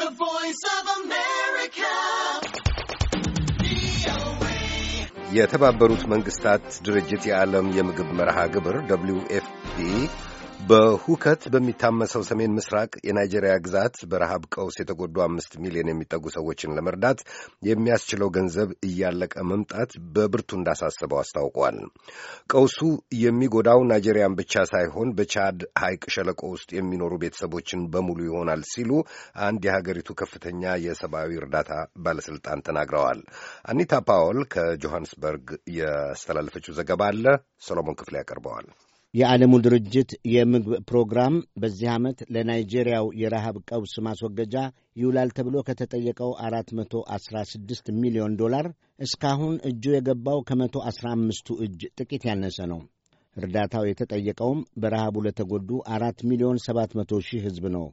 The Voice of America. የተባበሩት መንግስታት ድርጅት የዓለም የምግብ መርሃ ግብር ደብሊው ኤፍፒ በሁከት በሚታመሰው ሰሜን ምስራቅ የናይጄሪያ ግዛት በረሃብ ቀውስ የተጎዱ አምስት ሚሊዮን የሚጠጉ ሰዎችን ለመርዳት የሚያስችለው ገንዘብ እያለቀ መምጣት በብርቱ እንዳሳስበው አስታውቋል። ቀውሱ የሚጎዳው ናይጄሪያን ብቻ ሳይሆን በቻድ ሐይቅ ሸለቆ ውስጥ የሚኖሩ ቤተሰቦችን በሙሉ ይሆናል ሲሉ አንድ የሀገሪቱ ከፍተኛ የሰብአዊ እርዳታ ባለስልጣን ተናግረዋል። አኒታ ፓወል ከጆሃንስበርግ ያስተላለፈችው ዘገባ አለ። ሰሎሞን ክፍሌ ያቀርበዋል። የዓለሙ ድርጅት የምግብ ፕሮግራም በዚህ ዓመት ለናይጄሪያው የረሃብ ቀውስ ማስወገጃ ይውላል ተብሎ ከተጠየቀው 416 ሚሊዮን ዶላር እስካሁን እጁ የገባው ከመቶ 15ቱ እጅ ጥቂት ያነሰ ነው። እርዳታው የተጠየቀውም በረሃቡ ለተጎዱ 4 ሚሊዮን 700 ሺህ ሕዝብ ነው።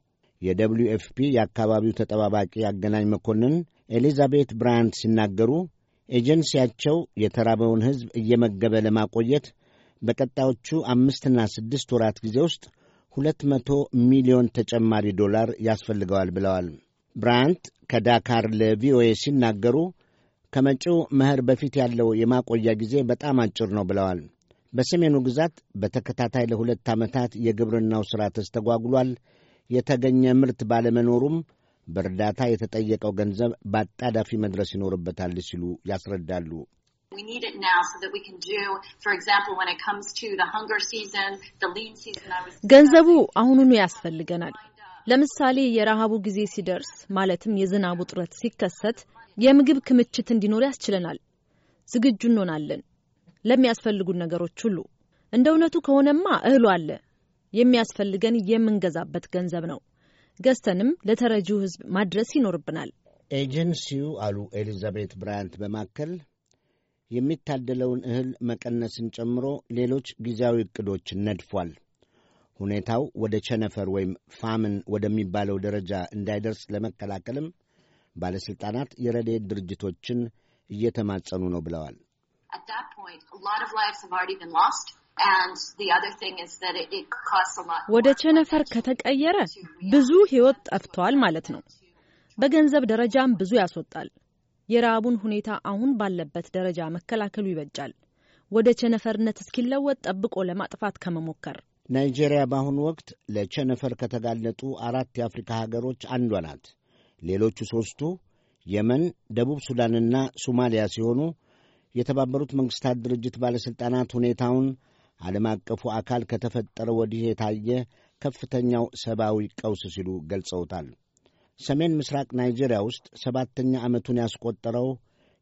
የደብሊዩ ኤፍ ፒ የአካባቢው ተጠባባቂ አገናኝ መኮንን ኤሊዛቤት ብራያንት ሲናገሩ ኤጀንሲያቸው የተራበውን ሕዝብ እየመገበ ለማቆየት በቀጣዮቹ አምስትና ስድስት ወራት ጊዜ ውስጥ ሁለት መቶ ሚሊዮን ተጨማሪ ዶላር ያስፈልገዋል ብለዋል። ብራንት ከዳካር ለቪኦኤ ሲናገሩ ከመጪው መኸር በፊት ያለው የማቆያ ጊዜ በጣም አጭር ነው ብለዋል። በሰሜኑ ግዛት በተከታታይ ለሁለት ዓመታት የግብርናው ሥራ ተስተጓጉሏል። የተገኘ ምርት ባለመኖሩም በእርዳታ የተጠየቀው ገንዘብ በአጣዳፊ መድረስ ይኖርበታል ሲሉ ያስረዳሉ። We need it now so that we can do, for example, when it comes to the hunger season, the lean season. I was ገንዘቡ አሁኑኑ ያስፈልገናል። ለምሳሌ የረሃቡ ጊዜ ሲደርስ ማለትም የዝናብ ውጥረት ሲከሰት የምግብ ክምችት እንዲኖር ያስችለናል። ዝግጁ እንሆናለን ለሚያስፈልጉን ነገሮች ሁሉ። እንደ እውነቱ ከሆነማ እህሉ አለ። የሚያስፈልገን የምንገዛበት ገንዘብ ነው። ገዝተንም ለተረጂው ሕዝብ ማድረስ ይኖርብናል። ኤጀንሲው አሉ ኤሊዛቤት ብራያንት በማከል የሚታደለውን እህል መቀነስን ጨምሮ ሌሎች ጊዜያዊ ዕቅዶችን ነድፏል። ሁኔታው ወደ ቸነፈር ወይም ፋምን ወደሚባለው ደረጃ እንዳይደርስ ለመከላከልም ባለሥልጣናት የረድኤት ድርጅቶችን እየተማጸኑ ነው ብለዋል። ወደ ቸነፈር ከተቀየረ ብዙ ሕይወት ጠፍቷል ማለት ነው። በገንዘብ ደረጃም ብዙ ያስወጣል። የረሃቡን ሁኔታ አሁን ባለበት ደረጃ መከላከሉ ይበጃል፣ ወደ ቸነፈርነት እስኪለወጥ ጠብቆ ለማጥፋት ከመሞከር። ናይጄሪያ በአሁኑ ወቅት ለቸነፈር ከተጋለጡ አራት የአፍሪካ ሀገሮች አንዷ ናት። ሌሎቹ ሦስቱ የመን፣ ደቡብ ሱዳንና ሶማሊያ ሲሆኑ የተባበሩት መንግሥታት ድርጅት ባለሥልጣናት ሁኔታውን ዓለም አቀፉ አካል ከተፈጠረ ወዲህ የታየ ከፍተኛው ሰብአዊ ቀውስ ሲሉ ገልጸውታል። ሰሜን ምስራቅ ናይጄሪያ ውስጥ ሰባተኛ ዓመቱን ያስቆጠረው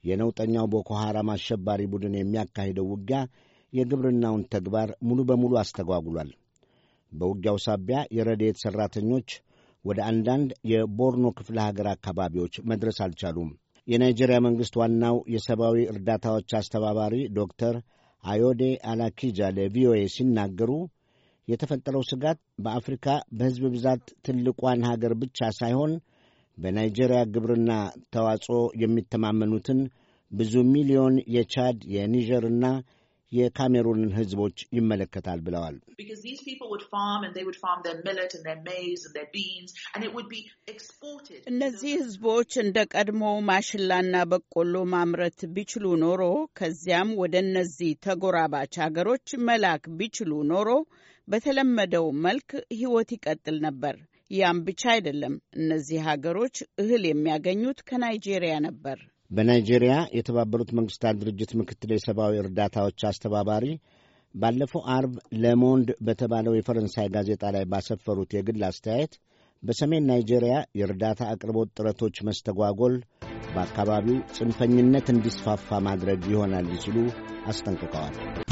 የነውጠኛው ቦኮ ሐራም አሸባሪ ቡድን የሚያካሂደው ውጊያ የግብርናውን ተግባር ሙሉ በሙሉ አስተጓጉሏል። በውጊያው ሳቢያ የረድኤት ሠራተኞች ወደ አንዳንድ የቦርኖ ክፍለ ሀገር አካባቢዎች መድረስ አልቻሉም። የናይጄሪያ መንግሥት ዋናው የሰብአዊ እርዳታዎች አስተባባሪ ዶክተር አዮዴ አላኪጃ ለቪኦኤ ሲናገሩ የተፈጠረው ስጋት በአፍሪካ በሕዝብ ብዛት ትልቋን ሀገር ብቻ ሳይሆን በናይጄሪያ ግብርና ተዋጽኦ የሚተማመኑትን ብዙ ሚሊዮን የቻድ የኒጀርና የካሜሩንን ሕዝቦች ይመለከታል ብለዋል። እነዚህ ሕዝቦች እንደ ቀድሞ ማሽላና በቆሎ ማምረት ቢችሉ ኖሮ ከዚያም ወደ እነዚህ ተጎራባች ሀገሮች መላክ ቢችሉ ኖሮ በተለመደው መልክ ህይወት ይቀጥል ነበር። ያም ብቻ አይደለም። እነዚህ ሀገሮች እህል የሚያገኙት ከናይጄሪያ ነበር። በናይጄሪያ የተባበሩት መንግስታት ድርጅት ምክትል የሰብአዊ እርዳታዎች አስተባባሪ ባለፈው አርብ ለሞንድ በተባለው የፈረንሳይ ጋዜጣ ላይ ባሰፈሩት የግል አስተያየት በሰሜን ናይጄሪያ የእርዳታ አቅርቦት ጥረቶች መስተጓጎል በአካባቢው ጽንፈኝነት እንዲስፋፋ ማድረግ ይሆናል ሲሉ አስጠንቅቀዋል።